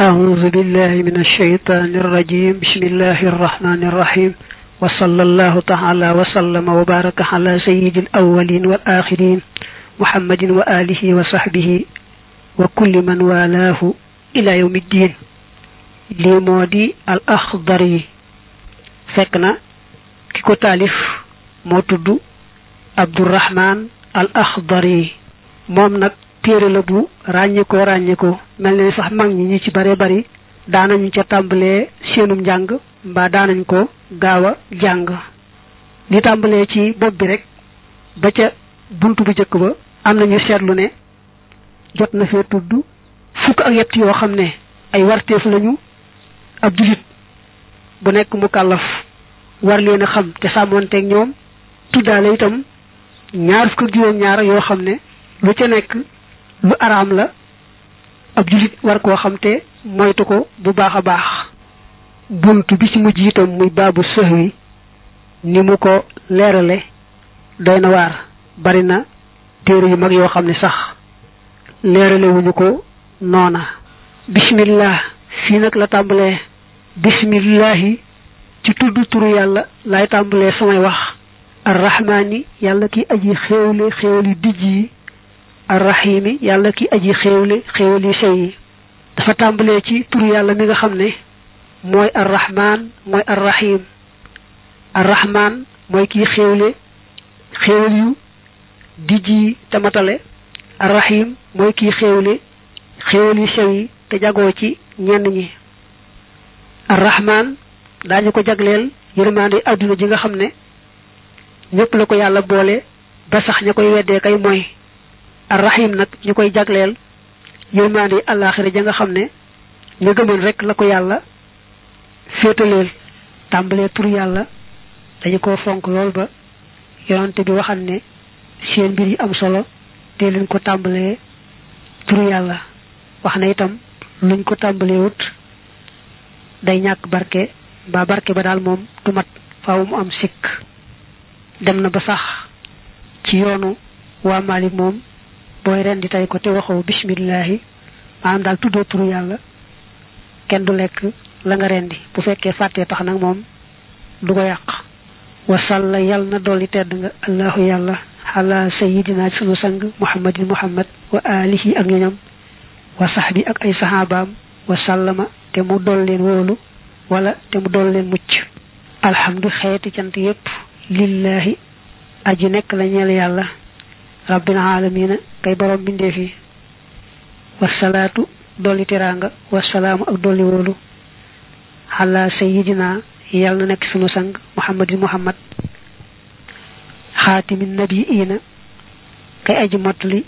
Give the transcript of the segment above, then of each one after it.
أعوذ بالله من الشيطان الرجيم بسم الله الرحمن الرحيم وصلى الله تعالى وسلم وبارك على سيد الأولين والآخرين محمد وآله وصحبه وكل من والاه إلى يوم الدين لمودي الأخضري فكنا كيكو تالف موتود عبد الرحمن الأخضري موم نك téere la bu ràññeekoo ràññeekoo mel ne sax mag ñi ñu ci bare bari daanañu ca tàmbalee seenum njàng mbaa daanañu ko gaaw a jàng li tàmbalee ci bopp bi rek ba ca bunt bu jëkk ba am nañu seetlu ne jot na fee tudd fukk ak yett yoo xam ne ay warteef lañu ab jullit bu nekk mu kàllaf war leen a xam te sàmmoonteeg ñoom tuddaale itam ñaar fukk ak juróom ñaar yoo xam ne lu ca nekk lu araam la ab jullit war koo xam te moytu ko bu baax a baax bunt bi ci mujj itam muy baabu sëx wi ni mu ko leerale doy na waar bari na téere yu mag yoo xam ne sax leerale ko noona bismillah fii nag la tàmbalee bismillahi ci tudd turu yàlla laay tàmbalee samay wax arrahmaani yàlla ki aji xéewle xéewli dijj yi arrahimi yàlla ki aji xéewle xéewal yu yi dafa tàmbalee ci turu yàlla mi nga mooy arrahman mooy arrahim arrahman mooy kii xéewle xéewal yu dijj yi te yi te jagoo ci ñenn ñi arrahman daañu ko jagleel yërmaande àdduna ji nga xam ne ñëpp la ko yàlla boole ba sax ña koy weddee kay mooy arrahim nag ñu koy jagleel yërmaande yi àllaaxira ja nga xam ne ñu gëmoon rek la ko yàlla féetaleel tàmbalee tur yàlla dañu ko fonk lool ba yonante bi waxan ne seen mbir yi am solo te leen ko tàmbalee tur yàlla wax na itam luñ ko tàmbalee wut day ñàkk barke ba barke ba daal moom du mat faaw mu am sikk dem na ba sax ci yoonu waa Maalik moom booy rendi tey ko te waxoo bismillahi maanaam daal tuddoo turu yàlla kenn du lekk la nga rendi bu fekkee fàttee tax nag moom du ko yàq wasalla yàlla na dolli tedd nga allahu yàlla ala sayidina sunu sang muhammadin muhammad wa alihi ak ñoñam wa sahbi ak ay saxaabaam wa sallama te mu dool leen wóolu wala te mu dool leen mucc alhamdu xeeti cant yépp lillahi aji nekk la ñeel yàlla rabbil aalamiina kay borom bindee fi wasalaatu dolli teraanga wasalaamu ak dolli wóolu xalaa sayyidina yàlla na nekk sunu sang muhammadin muhammad xaatimi nabiyiina kay aji mottali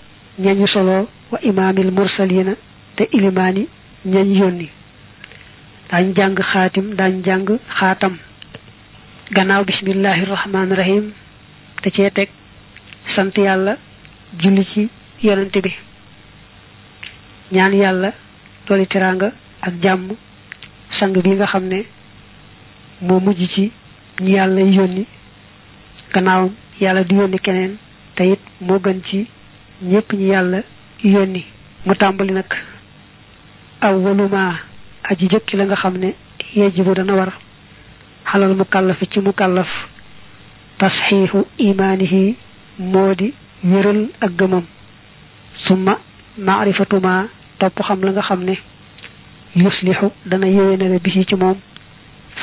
ñañu solo wa imaamil mursaliina te ilimaani ñañ yónni daañ jàng xaatim daañ jàng xaatam gannaaw bismillahi rahmaani rahim te cee teg sant yàlla julli ci yonente bi ñaan yàlla dooli teraanga ak jàmm sang bi nga xam ne moo mujj ci ñi yàlla yónni gannaawam yàlla di yónni keneen te it moo gën ci ñépp ñi yàlla yónni mu tàmbali nag aw awwaluma aji jëkki la nga xam ne yajibu dana war xalal mu kàllafi ci mu kàllaf tasxiixu imaanihi moo di wéral ak gëmam summa maarifatuma topp xam la nga xam ne yuslixu dana yéwénale bisi ci moom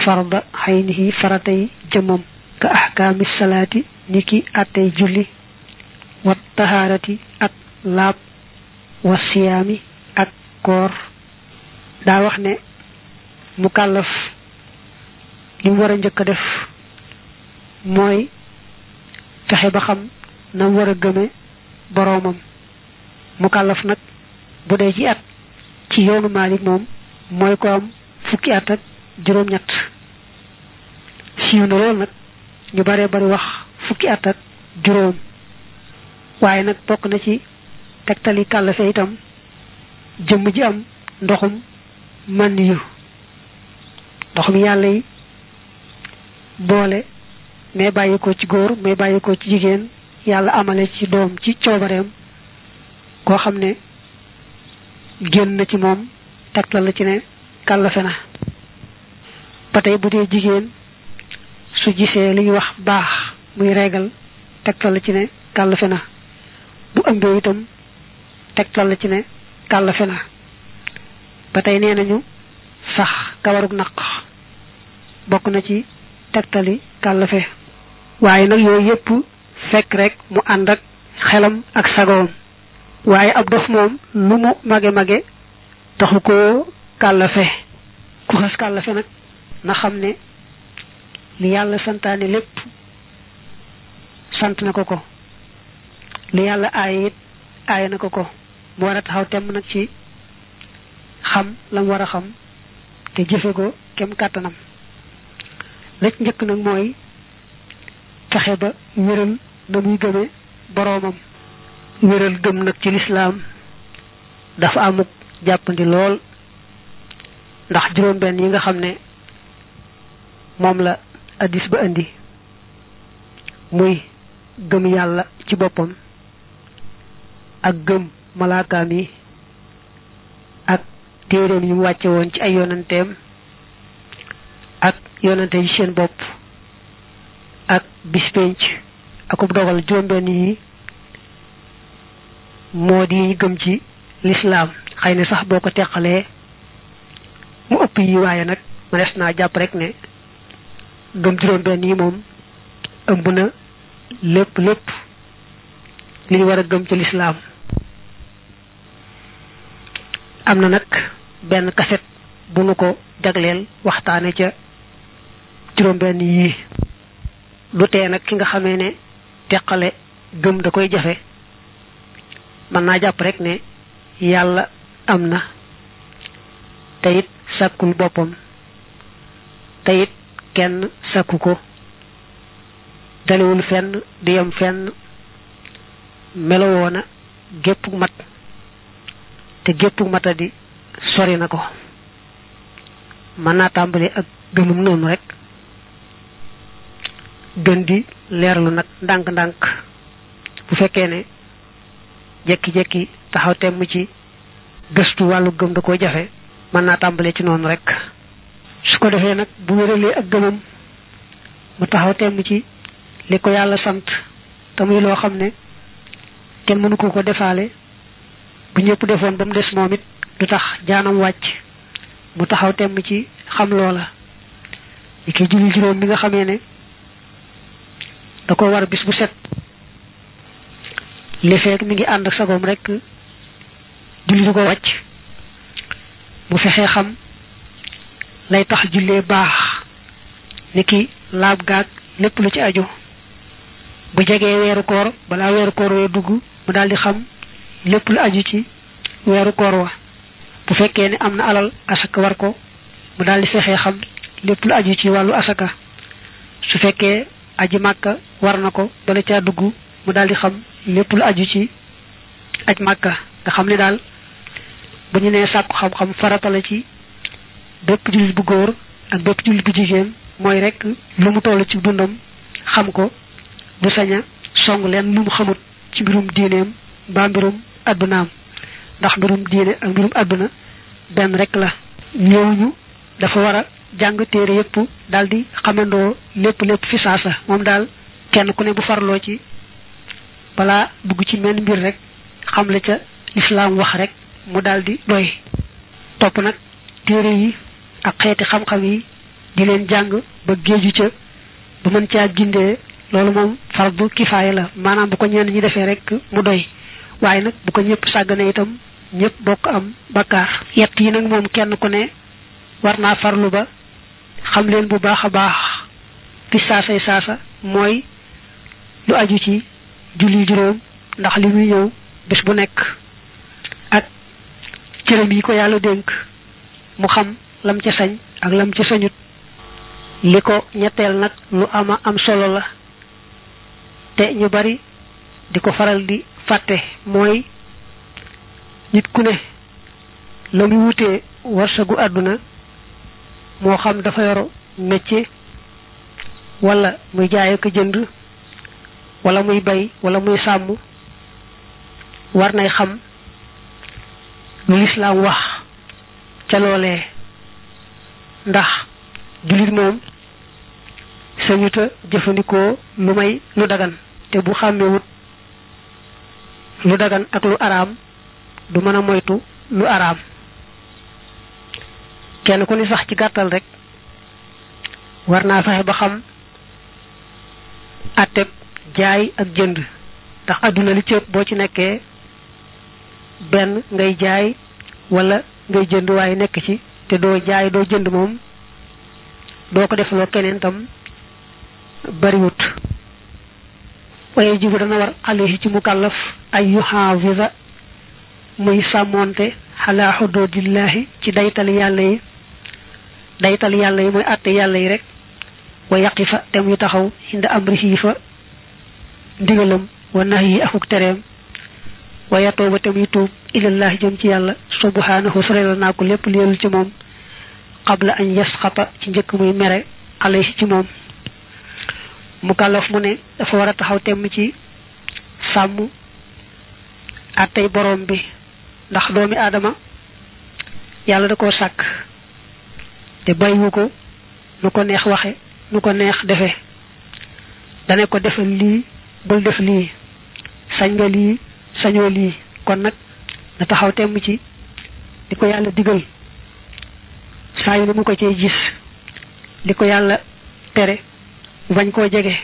farda xaynihi faratay jëmmam ka ahkaami salaati ni ki attey julli wat tahaarati ak laab wa siyaami ak koor daa wax ne mu kàllaf li mu njëkk a def mooy fexe ba xam nam war a gëme boroomam mu kàllaf nag bu dee ci at ci yoonu Maalik moom mooy ko am fukki at ak juróom-ñett siiw na lool nag ñu baree bari wax fukki at ak juróom waaye nag bokk na ci tegtali kàllafe itam jëmm ji am ndoxum man yu ndoxum yàlla yi boole mais bàyyi ko ci góor may bàyyi ko ci jigéen yàlla amale ci doom ci coobareem koo xam ne génn na ci moom tegtal la ci ne kàllafe na ba tey bu dee jigéen su gisee li ñuy wax baax muy reegal tegtal la ci ne kàllafe na bu ëmbee itam ci ne kàllafe na ba tey nee nañu sax kawarug naq bokk na ci tegtali kàllafe waaye nag yooyu yëpp fekk rekk mu ànd ak xelam ak sagoom waaye ab dof moom lu mu mage mage taxu ko kàllafe ku xas kàllafe nag na xam ne li yàlla santaane lépp sant na ko ko li yàlla aaye na ko ko mu war a taxaw temm nag ci xam la mu war a xam te jëfe ko kem kàttanam la njëkk nag mooy fexe ba wéral na muy gëme boroomam wéral gëm nag ci lislaam dafa amuk jàppandi lool ndax juróom benn yi nga xam ne moom la addis ba indi muy gëm yàlla ci boppam ak gëm malaakaam yi ak téeréem yi mu wàcce woon ci ay yonanteem ak yonante yi seen bopp ak bis akub dogal juróom benn yi moo di gëm ci lislaam xëy na sax boo ko teqalee mu ëpp yi waaye nag mënees naa jàpp rek ne gëm juróom benn yi moom ëmb na lépp lépp li ñu war a gëm ci lislaam am na nag benn kaset bu nu ko jagleel waxtaane ca juróom benn yii lu tee nag ki nga xamee ne teqale gëm da koy jafe mën naa jàpp rek ne yàlla am na te it sàkkul boppam te it kenn sàkku ko dalewul fenn di am fenn melowoona gépp te gépp mata di sori na ko mën naa tàmbali ak gëmum noonu rek gën di leerlu nag ndànk-ndànk bu fekkee ne jekki-jekki taxaw temm ci gëstu wàllu gëm da koo jafe mën naa tàmbalee ci noonu rek su ko defee nag bu wéralee ak gëmam mu taxaw temm ci li ko yàlla sant te muy loo xam ne kenn mënu ko ko defale bu ñëpp defoon ba mu des moom it du tax jaanam wàcc mu taxaw temm ci xam loola li ki julli juróom bi nga xamee ne da ko war bis bu set li feeg mi ngi ànd ak sagoom rek julli du ko wàcc mu fexee xam lay tax jullee baax ni ki laab gaag lépp lu ci aju bu jegee weeru koor balaa weeru koor wee dugg mu daal di xam lépp lu aju ci weeru koor wa bu fekkee ne am na alal asaka war ko mu daal di fexee xam lépp lu aju ci wàllu asaka su fekkee aji màkka war na ko bala caa dugg mu daal di xam lépp lu aju ci aj màkka nga xam ne daal bu ñu nee sàkku xam-xam farata la ci bépp jullit bu góor ak bépp jullit bu jigéen mooy rekk lu mu toll ci dundam xam ko du sañ song leen lu mu xamut ci mbirum diineem mbaa mbirum addunaam ndax mbirum diine ak mbirum adduna benn rekk la ñëwuñu dafa war jàng téere yëpp daal di xamandoo lépp lépp fi saasa moom daal kenn ku ne bu farloo ci balaa bugg ci menn mbir rek xam la ca lislaam wax rek mu daal di doy topp nag téere yi ak xeeti xam-xam yi di leen jàng ba géeju ca ba mën caa gindee loolu moom fardu kifaaya la maanaam bu ko ñenn ñi defee rek mu doy waaye nag bu ko ñëpp sàggane itam ñëpp bokk am bakkaar yett yi nag moom kenn ku ne war naa farlu ba xam leen bu baax a baax fi saasay saasa mooy lu aju ci julli juróom ndax li muy ñëw bés bu nekk ak cëram yi ko yàlla dénk mu xam lam ca sañ ak lam ca sañut li ko ñetteel nag lu ama am solo la te ñu bari di ko faral di fàtte mooy nit ku ne la mu wutee warsagu àdduna moo xam dafa yor métier walla muy jaay ak jënd walla muy bay wala muy sàmm war nay xam lu lislaam wax ca loolee ndax jullit moom sañuta jëfandikoo lu may lu dagan te bu xàmmewut lu dagan ak lu araam du mën a moytu lu araam kenn ku ni sax ci gàttal rek war naa fexe ba xam atteb jaay ak jënd ndax àdduna li cëpp boo ci nekkee benn ngay jaay walla ngay jënd waaye nekk ci te doo jaay doo jënd moom doo ko defloo keneen tam bariwut waaye jibu dana war alayhi ci mukallaf ay yuhaafisa muy sàmmoonte xalaa xududillahi ci daytal yàlla yi daytal yàlla yi mooy àtte yàlla yi rek wa yàqi fa tem muy taxaw inda amrihi fa ndigalam wa nahyi akuk tereem wa yatoo ba te muy tuub ilallahi jëm ci yàlla subhanahu soreel naa ko lépp leelul ci moom añ an yasxata ci njëkk muy mere alayhi ci moom mu kàllaf mu ne dafa war a taxaw temm ci sàmm àttey boroom bi ndax doomi aadama yàlla da koo sàkk te bàyyiwu ko lu ko neex waxe lu ko neex defe dane ko defal lii bul def lii sañ nga lii sañoo lii kon nag na taxaw temm ci li ko yàlla digal saa yu ne mu ko cee gis li ko yàlla tere bu bañ koo jege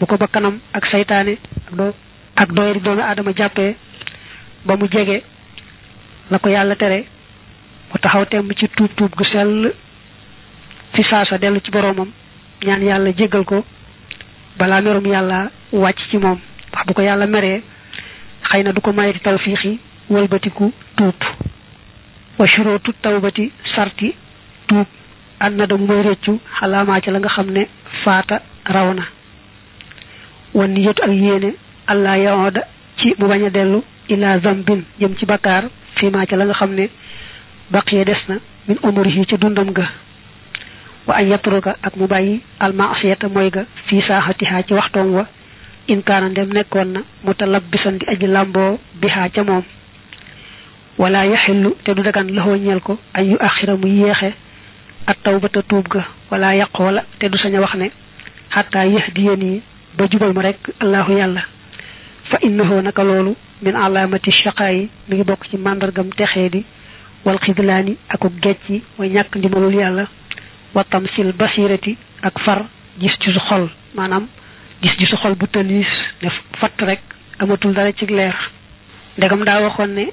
bu ko ba kanam ak seytaane ak doyari doomu aadama jàppee ba mu jege la ko yàlla tere mu taxaw temm ci tuub tuub gu sell fi saasa dellu ci boroomam ñaan yàlla jéggal ko balaa merum yàlla wàcc ci moom wax bu ko yàlla meree xëy na du ko mayeti tawfiix yi wëlbatiku tuub wa shurootu tawbati sarti tuub ànd na damu mooy réccu xalaamaa ci la nga xam ne faata raw na wan niyatu ak yéene allah yaoda ci mu bañ a dellu ila zambin jëm ci bakkaar fii maa la nga xam ne baqiya des na min umrihi ca dundam ga wa an yatruka ak mu bàyyi almasiyata mooy ga fii saaxatihaa ci waxtoom wa in kaana nekkoon na mutalabbisan di aji làmboo bihaa ca moom wala yaxillu te du dagan laxoo ñeel ko an yu axira mu yéexe at tawbata tuub ga wala yaqoola te du sañ wax ne xataa yahdiyani yi ba jubal ma rek allahu yàlla fa innahu naka loolu min alaamati shaqaa yi mi ngi bokk ci màndargam texee di wal xidlaani aku gecci mooy ñàkk ndimbalul yàlla watam sil basirati ak far gis ci xol maanaam gis ci xol bu tëliis ne fatt rek amatul dara ci leer ndegam daa waxoon ne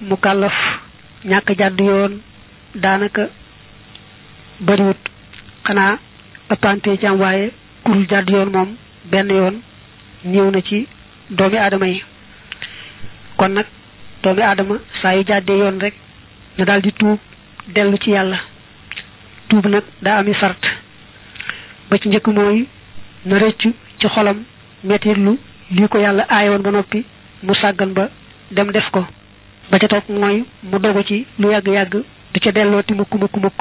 mu kàllaf ñàkk jàdd yoon daanaka bariwut xanaa ëppante waaye kurul jàdd yoon moom benn yoon ñëw na ci doomi aadama yi kon nag doomi aadama saa yu jàddee yoon rek na daal di tuub dellu ci yàlla tuub nag daa ami sart ba ci njëkk mooy na rëccu ci xolam mettitlu lii ko yàlla aaye woon ba noppi mu sàggan ba dem def ko ba ca topp mooy mu dogu ci lu yàgg-yàgg du ca dellooti mukk mukk mukk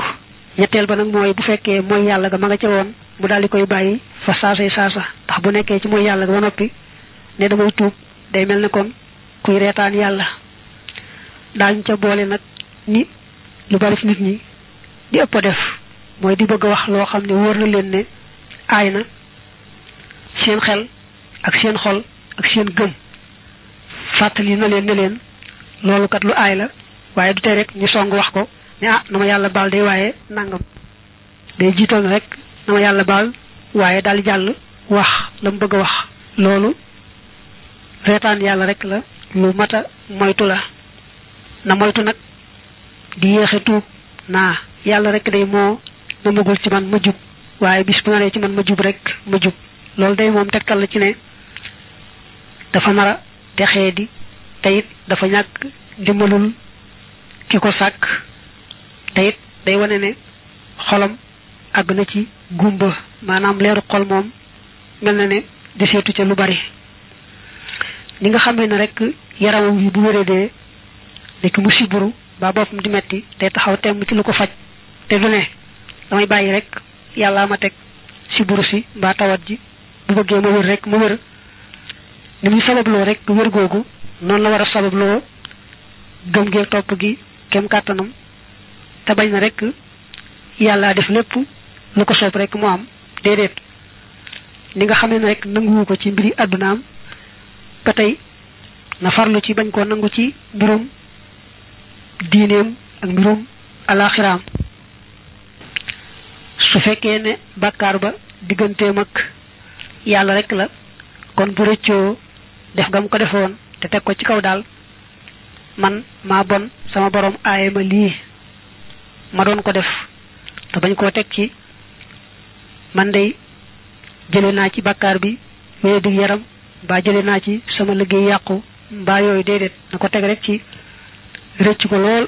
ñetteel ba nag mooy bu fekkee mooy yàlla ga ma nga ca woon mu daal di koy bàyyi fa saasay saasa ndax bu nekkee ci mooy yàlla ba noppi ne damay tuub day mel ne kon kuy reetaan yàlla daañ ca boole nag ni lu bari nit ñi di ëpp def mooy di bëgg a wax loo xam ne wóor na leen ne ay na seen xel ak seen xol ak seen gëm fàttali na leen ne leen loolu lu aay la waaye du tey rek ñu song wax ko ne ah na ma yàlla baal day waaye nangam day jiital rek na ma yàlla baal waaye daal jàll wax la mu bëgg a wax loolu reetaan yàlla rek la lu mata moytu la na moytu nag di yéexe tuub naa yàlla rek day moo namagul ci man ma jub waaye bis bu naree ci man ma jub rek ma jub loolu day moom tegtal la ci ne dafa nar a di teyit dafa ñàkk ndimbalul ki ko sàkk teyit day wane ne xolam àgg na ci gumba maanaam leeru xol moom mel na ne di seetu lu bari ni nga xamee ne rek yaramam yi bu wéradee nekk mu siburu ba boppam di metti te taxaw tem ci lu ko faj te lu ne damay bàyyi rek yàllaa ma teg si buru si mbaa tawat ji bu bëggee ma wér rek ma wér ni muy sababloo rek wér googu noonu la war a sababloo gëm gee topp gi kem kàttanam te bañ na rek yàllaa def lépp lu ko soob rekk mu am déedéet ni nga xam ne rek nanguwu ko ci mbiri àddunaam ba tey na farlu ci bañ koo nangu ci mbirum diineem ak mbirum alaxiraam su fekkee ne bàkkaar ba digganteem ak yàlla rek la kon bu rëccoo def gam ko defoon te teg ko ci kaw daal man maa bon sama boroom aaye ma lii ma doon ko def te bañ koo teg ci man day jële naa ci bàkkaar bi wéye dig yaram baa jële naa ci sama liggéey yàqu mbaa yooyu déedéet na ko teg rek ci rëcc ko lool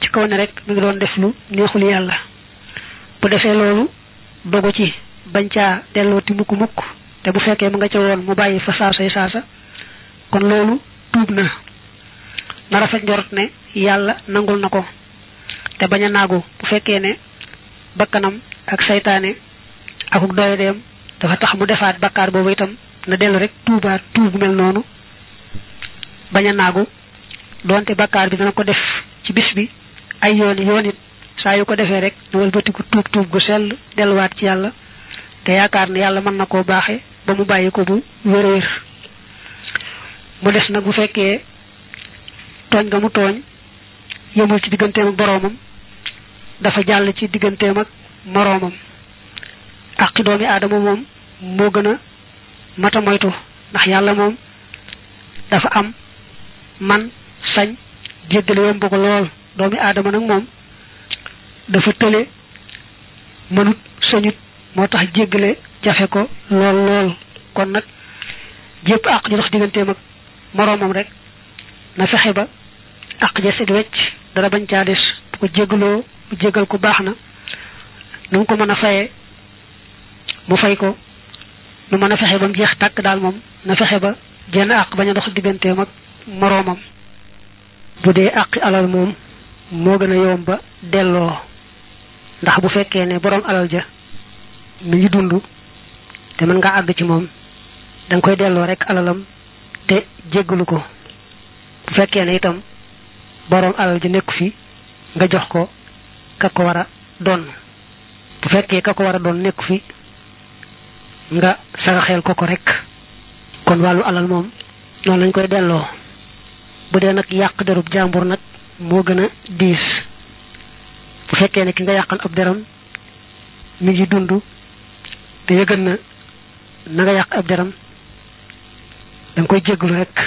ci kaw ne rek mu ngi doon def lu neexul yàlla bu defee loolu dogu ci bañ caa dellooti mukk mukk te bu fekkee mu nga ca woon mu bàyyi fa saasay saasa kon loolu tuub na na rafet njort ne yàlla nangul na ko te bañ a naagu bu fekkee ne bakkanam ak seytaane saytaane akuk doyadeem dafa tax mu defaat bakkaar boobu itam na dellu rek tuubaat tuub mel noonu bañ a naagu doonte bakkaar bi dana ko def ci bis bi ay yooni yoon it saa yu ko defee rek na wëlbatiku tuub tuub gu sell delluwaat ci yàlla te yaakaar ne yàlla mën na koo baaxe ba mu bàyyi ko bu wér mu des nag bu fekkee tooñ nga mu tooñ yëmul ci digganteem ak boroomam dafa jàll ci digganteem ak moroomam àqi doomi aadama moom moo gën a mata moytu ndax yàlla moom dafa am man sañ jéggale yomb ko lool doomi aadama nag moom dafa tële mënut sañut moo tax jéggale jafe ko lool lool kon nag jépp àq ju dox diggantee mag moroomam rek na fexe ba àq ja set wecc dara bañ caa des bu ko jéggaloo mu jéggal ko baax na nu mu ko mën a fayee mu fay ko nu mën a fexe ba mu jeex tàkk daal moom na fexe ba jenn àq bañ a dox digganteem ak moroomam bu dee àqi alal moom moo gën a yomb ba delloo ndax bu fekkee ne borom alal ja mi ngi dund te mën nga àgg ci moom da koy delloo rek alalam te jéggalu ko bu fekkee ne itam borom alal ja nekku fi nga jox ko ka ko war a doon bu fekkee ka ko war a doon nekku fi nga saraxeel ko ko rek kon wàllu alal moom noonu lañ koy delloo bu dee nag yàq derub jàmbur nag moo gën a diis bu fekkee ne ki nga yàqal ab deram mi ngi dund te yëgën na na yàq ab deram da koy jéggalu rek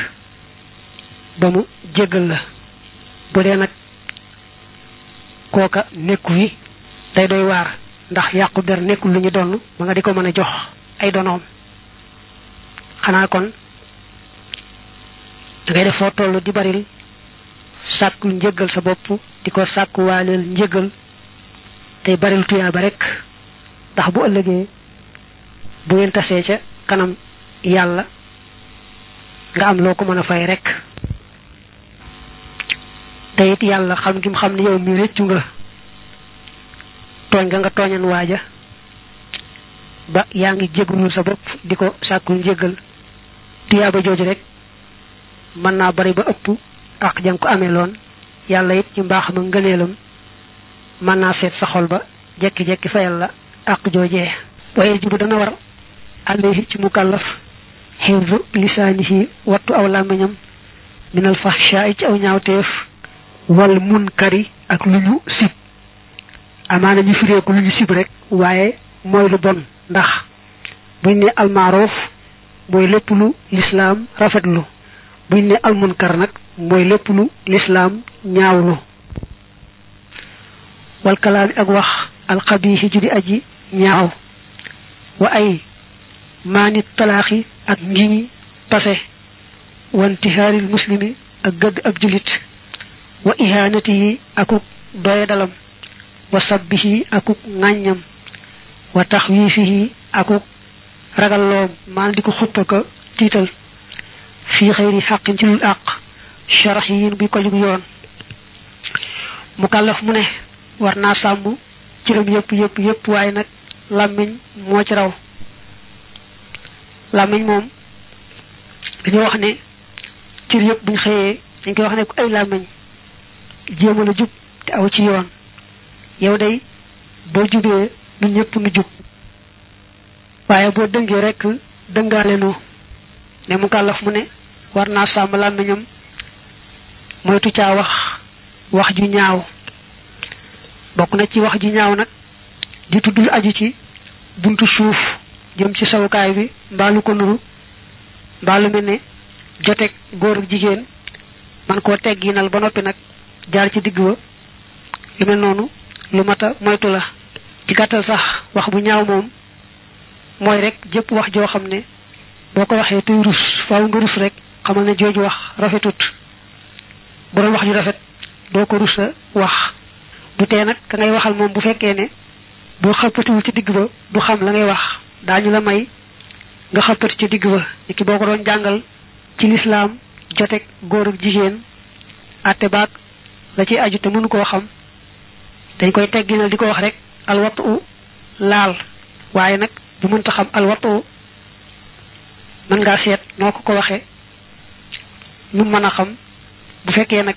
ba mu jéggal la bu dee nag kooka nekku wi day doy waar ndax yàqu der nekkul lu ñu donn ma nga di ko mën a jox ay donoom xanaa kon da ngay def foo toll di baril sàkkul njëgal sa bopp di ko sàkkuwaaleel njëggal tey baril tuyaaba rekk ndax bu ëllëgee bu ngeen tasee ca kanam yàlla nga am loo ko mën a fay rek te yàlla xam gi xam ni yow mi réccu nga tooñ nga nga tooñan waaja ba yaa ngi jégalul sa bopp di ko sàkku njëggal tuyaaba jooju rek mën naa bari ba ëpp ak jang ko amee loon yàlla it ci mbaaxam ak ngëneelam mën naa feet sa xol ba jekki-jekki fayal la ak joojee waaye jibu dana war alayhi ci mukallaf xifdu lisaanihi wattu aw làmmiñam minal fahshaay ci aw ñaawteef wal munkari ak lu ñu sib amaana ñu fireeku lu ñu sib rek waaye mooy lu bon ndax buñ ne almaarof mooy lépp lu lislaam rafetlu buñ ne almunkar nag mooy lépp lu lislaam ñaawlu wal ak wax alxabiisi ju di aji ñaaw wa ay maani talaaxi ak ngiñi pase wa intihaaril muslimi ak gëgg ab julit wa ihaanati yi akuk doye dalam wa sabbihi akuk ŋàññam wa taxwiifihi akuk ragalloom maanaam di ko xuppa ko tiital fii xëyri xaqin ci lul àq sharax yin bi ko jug yoon mu kàllaf mu ne war naa sàmm cëram yëpp yëpp yëpp waaye nag làmmiñ moo ci raw làmmiñ moom dañu wax ne cër yëpp buñ xëyee dañ koy wax ne ko ay làmmiñ jéemal a jub te aw ci yoon yow de boo jubee nu ñëpp nu jub waaye boo dëngee rekk dëngaale nu ne mu kàllaf mu ne war naa sàmm làmmiñam moytu caa wax wax ju ñaaw bokk na ci wax ju ñaaw nag di tuddul aju ci buntu suuf jëm ci sawukaay bi mbaalu ko nuru mbaalu mel ne joteeg góor ak jigéen man koo tegginal ba noppi nag jaar ci digg ba lu mel noonu lu mat a moytu la ci gàttal sax wax bu ñaaw moom mooy rek jëpp wax joo xam ne boo ko waxee tuy rus faaw nga rus rek xamal ne jooju wax rafetut boroom wax ju rafet doo ko rusa wax du tee nag ka ngay waxal moom bu fekkee ne boo xappatiwul ci digg ba du xam la ngay wax daañu la may nga xappati ci digg ba ni ki boo ko doon jàngal ci lislaam joteeg góor ak jigéen àtte baag la ciy aju te mënu koo xam dañ koy tegginal di ko wax rek alwatu laal waaye nag bu mënta xam alwatu mën ngaa seet noo ko ko waxee nu mën a xam bu fekkee nag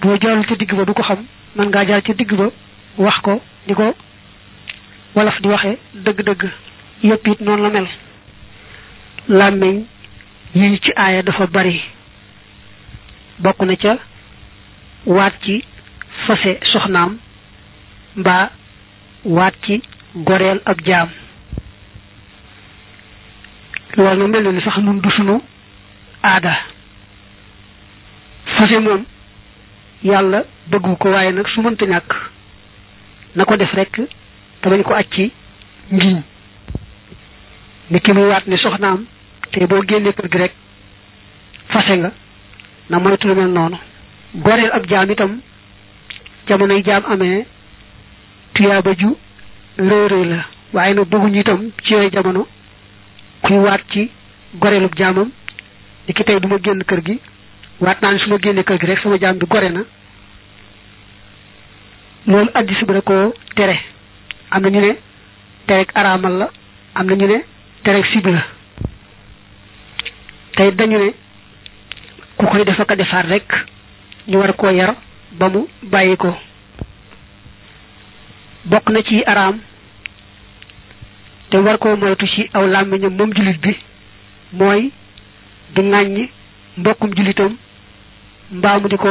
boo jaarul ca digg ba du ko xam mën ngaa jaar ca digg ba wax ko di ko wolof di waxe dëgg-dëgg yëpp it noonu la mel làmmiñ yi ci aaya dafa bari bokk na ca waat ci fase soxnaam mbaa waat ci goreel ab jaam loolu mel na ni sax nun du sunu aada fase moom yàlla bëggu ko waaye nag su mënta ñàkk na ko def rekk te bañ ko acc ci ngiñ ni ki muy waat ne soxnaam te boo génnee kër gi rek fase nga na moytu mel noonu goreel ab jaam itam jamonoy jaam amee tuyaaba ju rëy rëy la waaye nag bëgguñu itam ci yooyu jamono kuy waat ci goreelub jaamam ni ki tey duma génn kër gi waat naa ne su génnee kër gi rek sama jaam bi gore na loolu addis bi da koo tere am na ñu ne tereg araamal la am na ñu ne tereg sib la tey dañu ne ku koy defa ko defaat rek ñu war koo yar ba mu bàyyi ko bokk na ci araam te war koo moytu ci aw làmmiñam moom jullit bi mooy di ŋàññ mbokkum jullitam mbaa mu di ko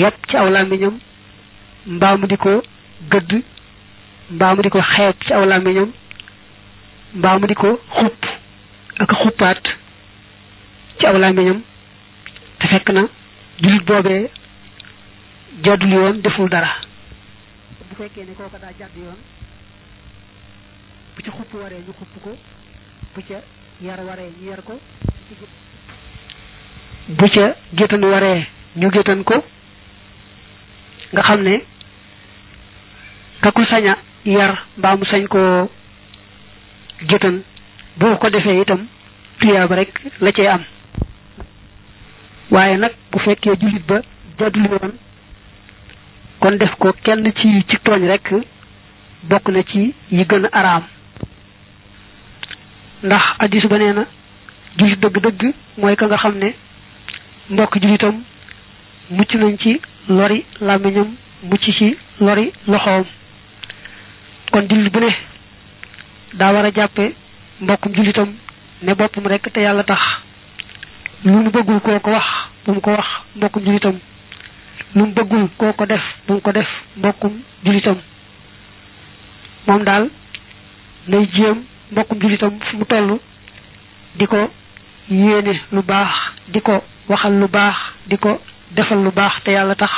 yàpp ci aw làmmiñam mbaa mu di ko gëdd mbaa mu di ko xeeb ci aw làmmiñam mbaa mu di ko xupp ak xuppaat ci aw làmmiñam te fekk na jullit boobee jàddul yoon deful dara bu fekkee ne kooka daa yoon bu ca xupp waree ñu xupp ko bu ca yar waree ñu yar ko bu ca géttan waree ñu géttan ko nga xam ne ko saña yar mbaamu sañ koo géttan boo ko defee itam tuyaab rek la cay am waaye nag bu fekkee jullit ba jàddul yoon kon def ko kenn ci ci tooñ rek bokk na ci yi gën a araam ndax addis ba nee na jullit dëgg-dëgg mooy ka nga xam ne mbokk julitam mucc nañ ci lori làmmiñam mucc ci lori loxoom kon jullit bu ne daa war a jàppe mbokkum jullitam ne boppam rekk te yàlla tax lu mu bëggul koo ko wax bu mu ko wax mbokkum jullitam lu mu bëggul koo ko def bu mu ko def mbokkum jullitam moom daal nay jéem mbokkum jullitam fu mu toll di ko yéene lu baax di ko waxal lu baax di ko defal lu baax te yàlla tax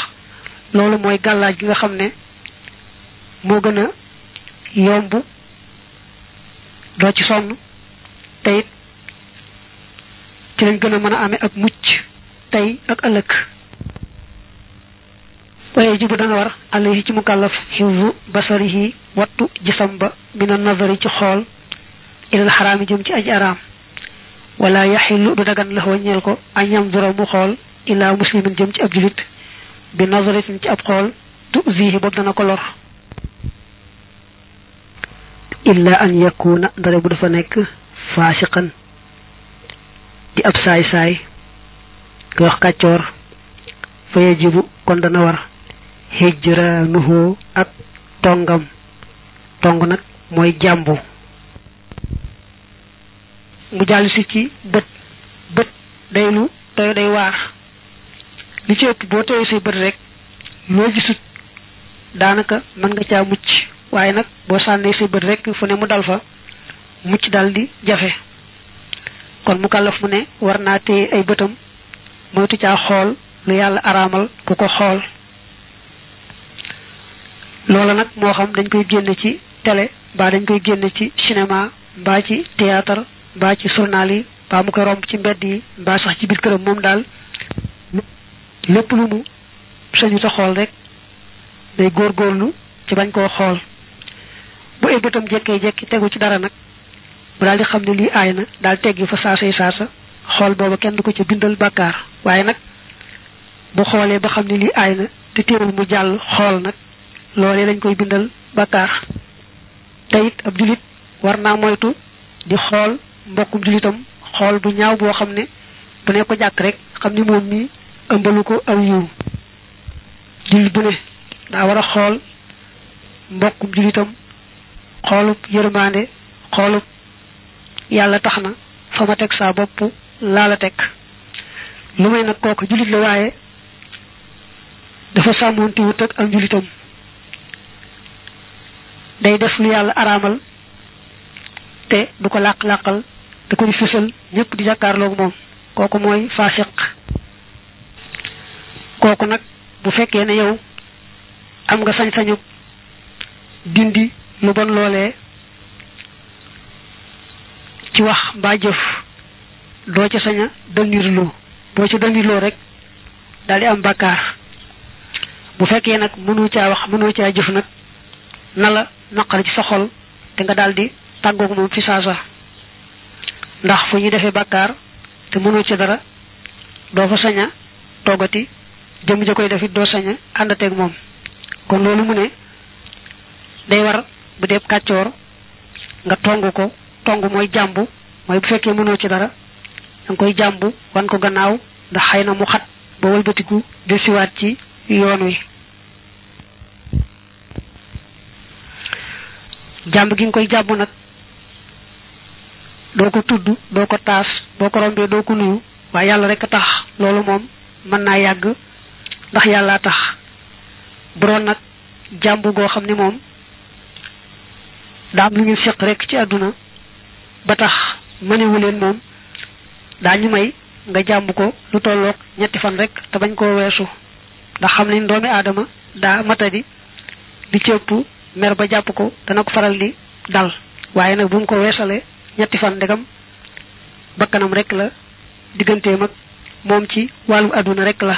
loolu mooy gàllaaj gi nga xam ne moo gën a yomb doo ci sonn te it ci lañ gën a mën a amee ak mucc tey ak ëllëg waaye jibu dana war alayhi ci mukallaf xiiwu basarihi wattu jisam ba mina nazari ci xool ilal xaraami jëm ci aj araam wala yaxilu du dagan la xoo ñeel ko añam dura mu xool ilaa muslimin jëm ci ab julit bi nazaratin ci ab xool tu zihi dana ko lor illa an yakuna ndare bu dafa nekk faasiqan di ab saay-saay ko wax kàccoor fa yajibu kon dana war hijranuhu ak tongam tong nag mooy jàmbu mu jàll si ci bët bët day lu day day waar li ci ëpp boo teyee say bët rek loo gisut daanaka mën nga caa mucc waaye nag boo sànnee say bët rek fu ne mu dal fa mucc dal di jafe kon mu kàllaf mu ne war naa téye ay bëtam moytu caa xool lu yàlla araamal ku ko xool loola nag moo xam dañ koy génne ci tele mbaa dañ koy génne ci cinéma mbaa ci théâtre mbaa ci journal yi mbaa mu ko romb ci mbedd yi mbaa sax ci biir këram moom daal lépp lu mu sañu sa xool rek góor góorlu ci bañ koo xool bu ay bëtam jekkee jekki tegu ci dara nag bu daal di xam ne lii aay na daal teggi fa saasay saasa xool booba kenn du ko ci bindal bàkkaar waaye nag bu xoolee ba xam ne lii aay na te teewul mu jàll xool nag loolee lañ koy bindal bàkkaar te ab jullit war naa moytu di xool mbokkum jullitam xool bu ñaaw boo xam ne bu ne ko jàkk rek xam ni moom mi ëmbalu ko am yiw jullit bu ne daa war a xool mbokkum jullitam xoolub yërmaande xoolub yàlla tax na fa ma teg saa bopp laa la teg lu may nag kooku jullit la waaye dafa sàmmoonte wut ak am jullitam day def lu yàlla araamal te du ko làq-làqal da koy fësal ñëpp di jàkkaarloog moom kooku mooy faasiq kooku nag bu fekkee ne yow am nga sañ-sañu dindi lu bon loolee ci wax mbaa jëf doo ca sañ a danirloo boo ca danirloo rek daldi am bàkkaar bu fekkee nag mënu caa wax mënu caa jëf nag na la naqar ci sa xol te nga daal di tàggoog moom fi saasa ndax fu ñu defee bàkkaar te mënul ci dara doo fa saña toggati jëm ja koy defit doo saña àndateeg moom kon loolu mu ne day war bu dee kàccoor nga tong ko tong mooy jàmbu mooy bu fekkee mënoo ci dara danga koy jàmbu wan ko gannaaw ndax xëy na mu xat ba wëlbatiku de siwaat ci yoon wi jàmb gi nga koy jàmbu nag doo ko tudd doo ko taas boo ko rombee doo ko nuyu waaye yàlla rek a tax loolu moom mën naa yàgg ndax yàllaa tax bu nag jàmbu goo xam ne moom daam lu ngeen seq rek ci àdduna ba tax mënewu leen moom daañu may nga jàmb ko lu tolloog ñetti fan rek te bañ koo weesu ndax xam nañ doomi aadama daa matadi li ci ëpp mer ba jàpp ko dana ko faral di dal waaye nag bu mu ko weesalee ñetti fan ndegam bakkanam rekk la digganteem ak moom ci wàllu àdduna rekk la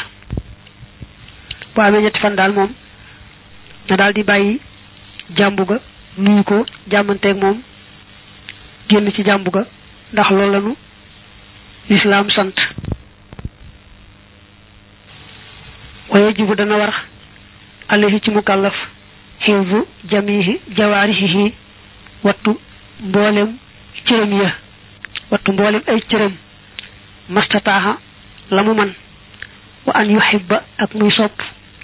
bu amee ñetti fan daal moom na daal di bàyyi jàmbu ga nuyu ko jàmmanteeg moom génn ci jàmbu ga ndax loolu la lislaam sant waaye jibu dana war alayhi ci mukallaf xifzu jamihi jawaarihihi wattu mboolem cëram ya wattu mboolem ay cëram mastataaxa la mu man wa an yuhibba ak muy sopp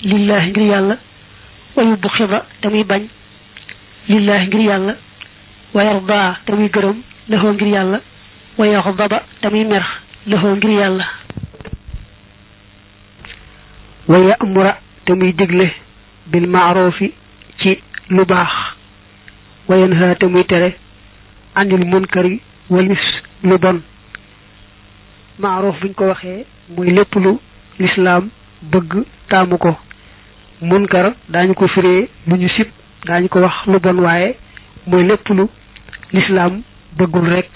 lillaahi ngir yàlla wa yubxida te muy bañ lillaahi ngir yàlla wa yardaa te muy gërëm lëxoo ngir yàlla wa yaxdaba te muy mer lëxoo ngir yàlla wa yamura te muy digle bil maarufi ci lu baax wa yanha te muy tere anil munkari walis lu bon maaroof buñ ko waxee muy lépp lu lislaam bëgg taamu ko munkar daañu ko firee lu ñu sib daañu ko wax lu bon waaye mooy lépp lu lislaam bëggul rekk